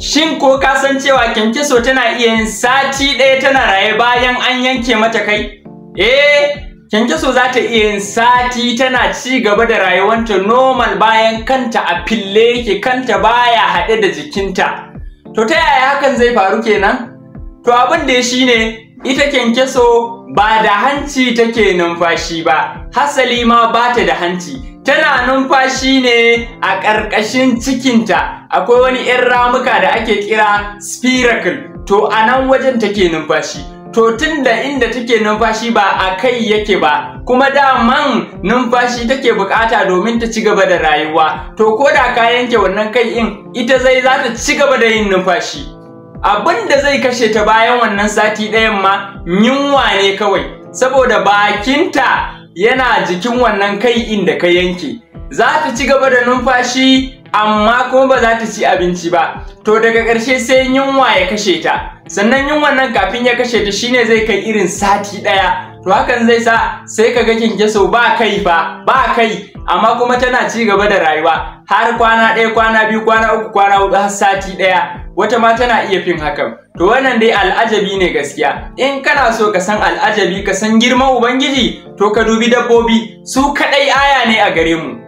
Shin ko ka san cewa kyankyaso tana iya yin sati ɗaya tana raye bayan an yanke mata kai? Eh, kyankyaso za ta iya yin sati tana ci gaba da rayuwanta normal bayan kanta a fille yake kanta baya haɗe da jikinta. To ta yaya hakan zai faru kenan? To abin da shi ne Ita kyankyaso ba da hanci take numfashi ba, hasali ma ba ta da hanci. Tana numfashi ne a ƙarƙashin cikinta, akwai wani 'yan ramuka da ake kira spiracle, to a nan wajen take numfashi. to tun da inda take numfashi ba a kai yake ba kuma daman numfashi take bukata domin ta ci gaba da rayuwa to ko da ka yanke wannan kai in ita zai za ta ci gaba da yin numfashi abin da zai kashe ta bayan wannan sati ɗayan ma yunwa ne kawai saboda bakinta yana jikin wannan kai inda ka yanke za ta ci gaba da numfashi amma kuma ba za ta ci abinci ba to daga ƙarshe sai yunwa ya kashe ta sannan yunwan nan kafin ya kashe ta shine zai kai irin sati ɗaya to hakan zai sa sai ka ga kyankyaso ba kai ba ba kai amma kuma tana ci gaba da rayuwa har kwana ɗaya kwana biyu kwana uku kwana hudu har sati ɗaya wata ma tana iya fin hakan to wannan dai al'ajabi ne gaskiya in kana so ka san al'ajabi ka san girman ubangiji to ka dubi dabbobi su kaɗai aya ne a gare mu